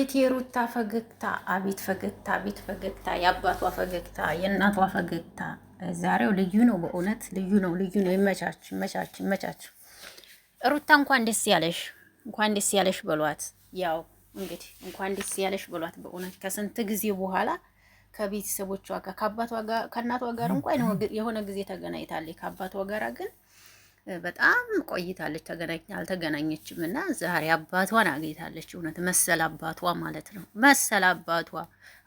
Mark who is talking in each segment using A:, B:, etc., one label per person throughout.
A: አቤት የሩታ ፈገግታ፣ አቤት ፈገግታ፣ አቤት ፈገግታ፣ የአባቷ ፈገግታ፣ የእናቷ ፈገግታ። ዛሬው ልዩ ነው፣ በእውነት ልዩ ነው፣ ልዩ ነው። ይመቻች፣ ይመቻች፣ ይመቻች። ሩታ እንኳን ደስ ያለሽ፣ እንኳን ደስ ያለሽ በሏት። ያው እንግዲህ እንኳን ደስ ያለሽ በሏት። በእውነት ከስንት ጊዜ በኋላ ከቤተሰቦቿ ጋር ከአባቷ ጋር ከእናቷ ጋር እንኳን የሆነ ጊዜ ተገናኝታለች። ከአባቷ ጋር ግን በጣም ቆይታለች፣ ተገናኝ አልተገናኘችም እና ዛሬ አባቷን አግኝታለች። እውነት መሰል አባቷ ማለት ነው፣ መሰል አባቷ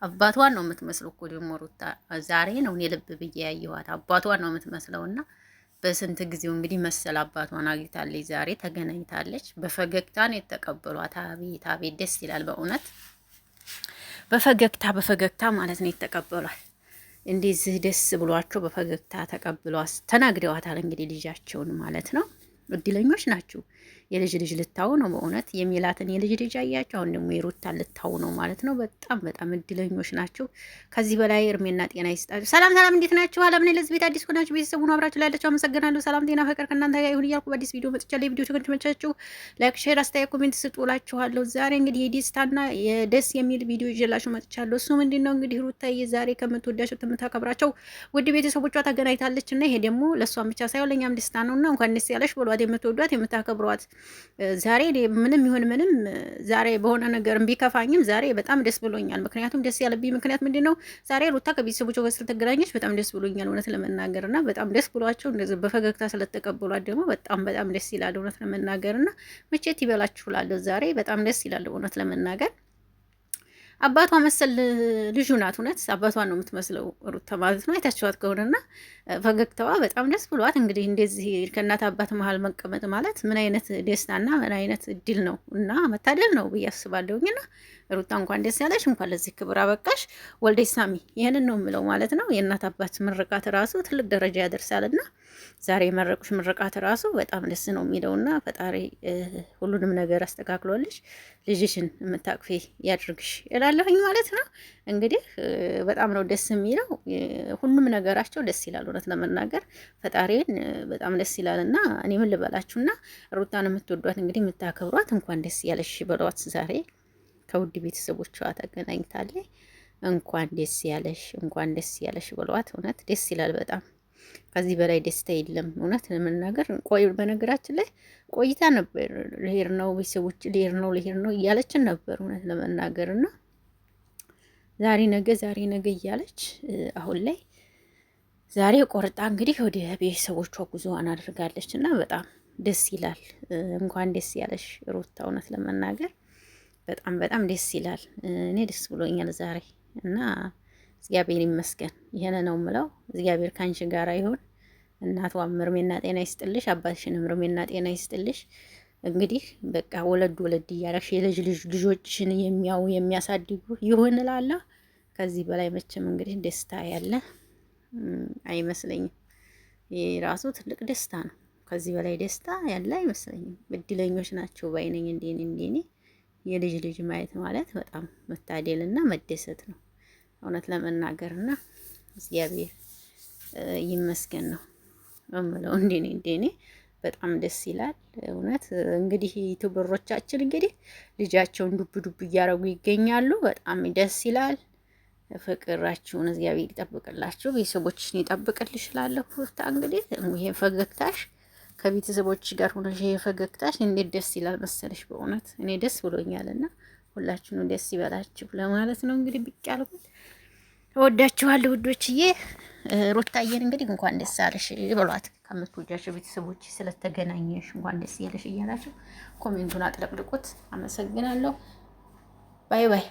A: አባቷን ነው የምትመስለው እኮ ደግሞ ሩታ ዛሬ ነው እኔ ልብ ብዬ ያየኋት፣ አባቷን ነው የምትመስለው እና በስንት ጊዜው እንግዲህ መሰል አባቷን አግኝታለች። ዛሬ ተገናኝታለች። በፈገግታ ነው የተቀበሏት አቤት አቤት፣ ደስ ይላል በእውነት በፈገግታ በፈገግታ ማለት ነው የተቀበሏት። እንደዚህ ደስ ብሏቸው በፈገግታ ተቀብሏ ተናግደዋታል። እንግዲህ ልጃቸውን ማለት ነው። እድለኞች ናችሁ። የልጅ ልጅ ልታው ነው በእውነት የሚላትን የልጅ ልጅ አያቸው። አሁን ደግሞ የሩታን ልታው ነው ማለት ነው። በጣም በጣም እድለኞች ናቸው። ከዚህ በላይ እርሜና ጤና ይስጣችሁ። ሰላም ሰላም፣ እንዴት ናችሁ? አለምን ለዚህ ቤት አዲስ ከሆናችሁ ቤተሰቡን አብራችሁ ላላችሁ አመሰግናለሁ። ሰላም ጤና ፍቅር ከእናንተ ጋር ይሁን እያልኩ በአዲስ ቪዲዮ መጥቻለሁ። የቪዲዮ ተከታታዮቻችሁ ላይክ፣ ሼር፣ አስተያየት ኮሜንት ስጡላችኋለሁ። ዛሬ እንግዲህ የደስታና የደስ የሚል ቪዲዮ ይዤላችሁ መጥቻለሁ። እሱ ምንድን ነው እንግዲህ ሩታዬ ዛሬ ከምትወዳቸው ከምታከብራቸው ውድ ቤተሰቦቿ ተገናኝታለች እና ይሄ ደግሞ ለእሷም ብቻ ሳይሆን ለእኛም ደስታ ነው እና እንኳን ደስ ያለሽ በሏት የምትወዷት የምታከብሯት ተዋት። ዛሬ ምንም ይሁን ምንም ዛሬ በሆነ ነገር ቢከፋኝም ዛሬ በጣም ደስ ብሎኛል። ምክንያቱም ደስ ያለብኝ ምክንያት ምንድን ነው? ዛሬ ሩታ ከቤተሰቦች ጋር ስለተገናኘች በጣም ደስ ብሎኛል፣ እውነት ለመናገር እና በጣም ደስ ብሏቸው እንደዚህ በፈገግታ ስለተቀበሏት ደግሞ በጣም በጣም ደስ ይላል፣ እውነት ለመናገር እና መቼት ይበላችሁላለሁ። ዛሬ በጣም ደስ ይላል፣ እውነት ለመናገር አባቷ መሰል ልጁ ናት። እውነት አባቷን ነው የምትመስለው ሩታ ማለት ነው። አይታችኋት ከሆነና ፈገግታዋ በጣም ደስ ብሏት እንግዲህ እንደዚህ ከእናት አባት መሀል መቀመጥ ማለት ምን አይነት ደስታና ምን አይነት እድል ነው እና መታደል ነው ብዬ አስባለሁኝ ሩታ እንኳን ደስ ያለሽ፣ እንኳን ለዚህ ክብር አበቃሽ። ወልደ ሳሚ ይህንን ነው የምለው ማለት ነው። የእናት አባት ምርቃት ራሱ ትልቅ ደረጃ ያደርሳልና ዛሬ የመረቁሽ ምርቃት ራሱ በጣም ደስ ነው የሚለውና ፈጣሪ ሁሉንም ነገር አስተካክሎልሽ ልጅሽን የምታቅፌ ያድርግሽ እላለሁኝ ማለት ነው። እንግዲህ በጣም ነው ደስ የሚለው። ሁሉም ነገራቸው ደስ ይላል። እውነት ለመናገር ፈጣሪን በጣም ደስ ይላል እና እኔ ምን ልበላችሁና ሩታን የምትወዷት እንግዲህ የምታከብሯት እንኳን ደስ ያለሽ በሏት ዛሬ ከውድ ቤተሰቦቿ ተገናኝታለች። እንኳን ደስ ያለሽ እንኳን ደስ ያለሽ ብሏት እውነት ደስ ይላል በጣም ከዚህ በላይ ደስታ የለም። እውነት ለመናገር በነገራችን ላይ ቆይታ ነበር ልሄድ ነው ቤተሰቦች ልሄድ ነው ልሄድ ነው እያለችን ነበር እውነት ለመናገር እና ዛሬ ነገ ዛሬ ነገ እያለች አሁን ላይ ዛሬ ቆርጣ እንግዲህ ወደ ቤተሰቦቿ ጉዞዋን አድርጋለች እና በጣም ደስ ይላል። እንኳን ደስ ያለሽ ሩታ እውነት ለመናገር በጣም በጣም ደስ ይላል። እኔ ደስ ብሎኛል ዛሬ እና እግዚአብሔር ይመስገን። ይሄን ነው ምለው። እግዚአብሔር ካንቺ ጋራ ይሁን። እናቷም እርሜና ጤና ይስጥልሽ፣ አባትሽንም እርሜና ጤና ይስጥልሽ። እንግዲህ በቃ ወለድ ወለድ እያደረግሽ የልጅ ልጅ ልጆችን የሚያው የሚያሳድጉ ይሁን ከዚህ በላይ መቼም እንግዲህ ደስታ ያለ አይመስለኝም። ይህ ራሱ ትልቅ ደስታ ነው። ከዚህ በላይ ደስታ ያለ አይመስለኝም። እድለኞች ናቸው ባይነኝ እንዴኔ እንዴኔ የልጅ ልጅ ማየት ማለት በጣም መታደል እና መደሰት ነው እውነት ለመናገር እና እግዚአብሔር ይመስገን ነው እምለው። እንደኔ እንደኔ በጣም ደስ ይላል እውነት። እንግዲህ ዩቱበሮቻችን እንግዲህ ልጃቸውን ዱብ ዱብ እያደረጉ ይገኛሉ። በጣም ደስ ይላል። ፍቅራችሁን እግዚአብሔር ይጠብቅላችሁ፣ ቤተሰቦችን ይጠብቅልሽ እላለሁ። እንግዲህ ይሄን ፈገግታሽ ከቤተሰቦች ጋር ሆነሽ የፈገግታሽ እንዴት ደስ ይላል መሰለሽ። በእውነት እኔ ደስ ብሎኛል እና ሁላችሁንም ደስ ይበላችሁ ለማለት ነው እንግዲህ ብቅ ያልኩት። እወዳችኋለሁ ውዶችዬ። ሩታዬን እንግዲህ እንኳን ደስ አለሽ ብሏት ከምትወጃቸው ቤተሰቦች ስለተገናኘሽ እንኳን ደስ ያለሽ እያላችሁ ኮሜንቱን አጥለቅልቁት። አመሰግናለሁ። ባይ ባይ።